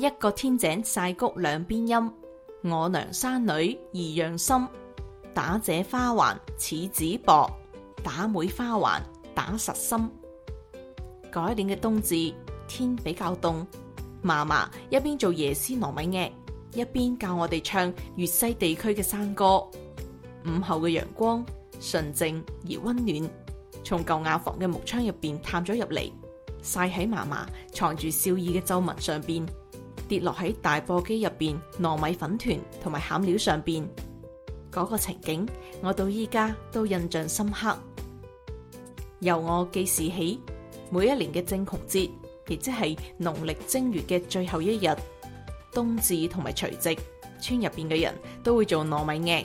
一個天井曬穀兩邊陰，我娘生女二樣心，打姐花環似紙薄，打妹花環打實心。嗰一年嘅冬至，天比較凍，嫲嫲一邊做椰絲糯米籺，一邊教我哋唱粵西地區嘅山歌。午後嘅陽光純淨而溫暖，從舊瓦房嘅木窗入邊探咗入嚟，曬喺嫲嫲藏住笑意嘅皺紋上邊。跌落喺大簸箕入邊糯米粉團同埋餡料上邊，嗰個情景，我到依家都印象深刻。由我記事起，每一年嘅正窮節，亦即係農曆正月嘅最後一日、冬至同埋除夕，村入邊嘅人都會做糯米籺，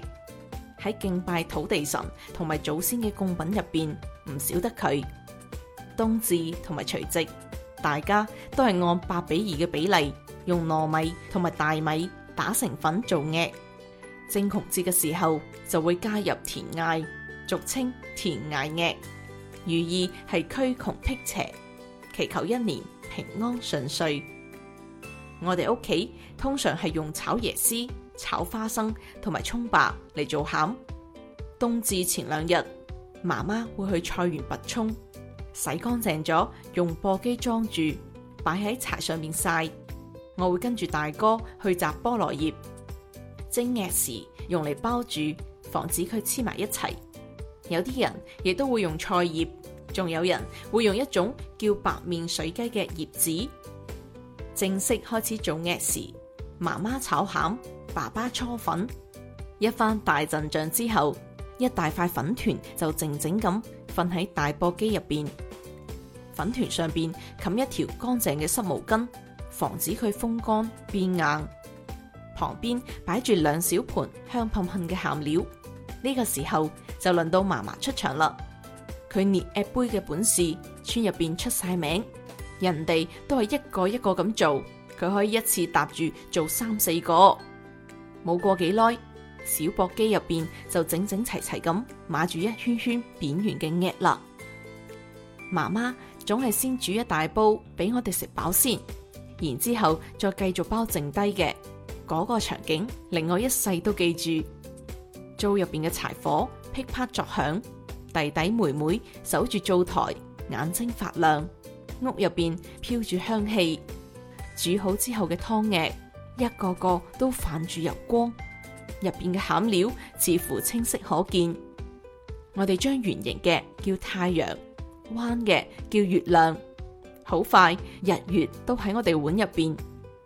喺敬拜土地神同埋祖先嘅供品入邊，唔少得佢。冬至同埋除夕，大家都係按八比二嘅比例。用糯米同埋大米打成粉做籺，正窮節嘅時候就會加入田艾，俗稱田艾籺，寓意係驅窮辟邪，祈求一年平安順遂。我哋屋企通常係用炒椰絲、炒花生同埋葱白嚟做餡。冬至前兩日，媽媽會去菜園拔葱，洗乾淨咗，用簸箕裝住，擺喺柴上面晒。我會跟住大哥去摘菠蘿葉，蒸籺時用嚟包住，防止佢黐埋一齊。有啲人亦都會用菜葉，仲有人會用一種叫白面水雞嘅葉子。正式開始做籺時，媽媽炒餡，爸爸搓粉。一番大陣仗之後，一大塊粉團就靜靜咁瞓喺大簸箕入邊。粉團上邊冚一條乾淨嘅濕毛巾。防止佢風乾變硬，旁邊擺住兩小盤香噴噴嘅餡料。呢、這個時候就輪到嫲嫲出場啦。佢捏籺杯嘅本事村入邊出晒名，人哋都係一個一個咁做，佢可以一次搭住做三四個。冇過幾耐，小簸箕入邊就整整齊齊咁碼住一圈圈扁圓嘅籺啦。媽媽總係先煮一大煲俾我哋食飽先。然之後再繼續包剩低嘅。嗰個場景令我一世都記住。灶入邊嘅柴火噼啪作響，弟弟妹妹守住灶台，眼睛發亮。屋入邊飄住香氣，煮好之後嘅湯籺，一個個都泛住油光，入邊嘅餡料似乎清晰可見。我哋將圓形嘅叫太陽，彎嘅叫月亮。好快，日月都喺我哋碗入邊，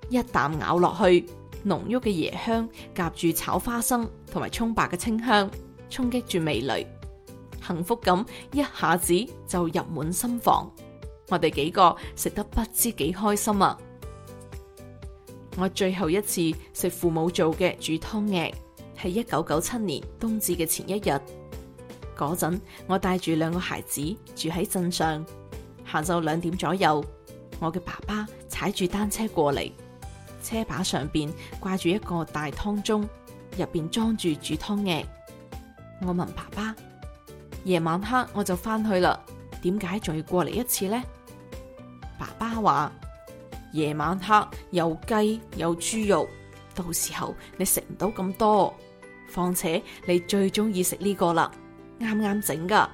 一啖咬落去，濃郁嘅椰香夾住炒花生同埋蔥白嘅清香，衝擊住味蕾，幸福感一下子就溢滿心房。我哋幾個食得不知幾開心啊！我最後一次食父母做嘅煮湯籺，係一九九七年冬至嘅前一日。嗰陣我帶住兩個孩子住喺鎮上。下晝兩點左右，我嘅爸爸踩住單車過嚟，車把上邊掛住一個大湯盅，入邊裝住煮湯籺。我問爸爸：夜晚黑我就翻去啦，點解仲要過嚟一次呢？爸爸話：夜晚黑有雞有豬肉，到時候你食唔到咁多，況且你最中意食呢個啦，啱啱整㗎，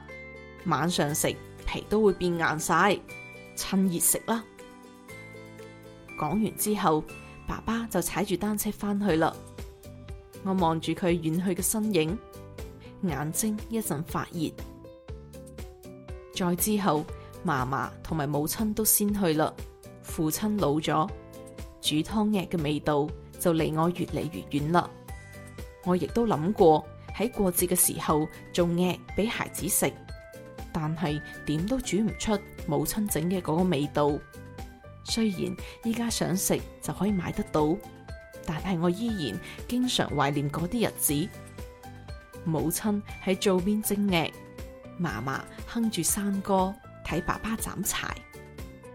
晚上食。皮都會變硬晒，趁熱食啦。講完之後，爸爸就踩住單車返去啦。我望住佢遠去嘅身影，眼睛一陣發熱。再之後，媽媽同埋母親都仙去啦。父親老咗，煮湯籺嘅味道就離我越嚟越遠啦。我亦都諗過喺過節嘅時候做籺俾孩子食。但係點都煮唔出母親整嘅嗰個味道。雖然依家想食就可以買得到，但係我依然經常懷念嗰啲日子。母親喺灶邊蒸籺，嫲嫲哼住山歌，睇爸爸斬柴。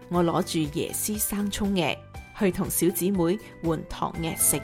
我攞住椰絲生蔥籺去同小姐妹換糖籺食。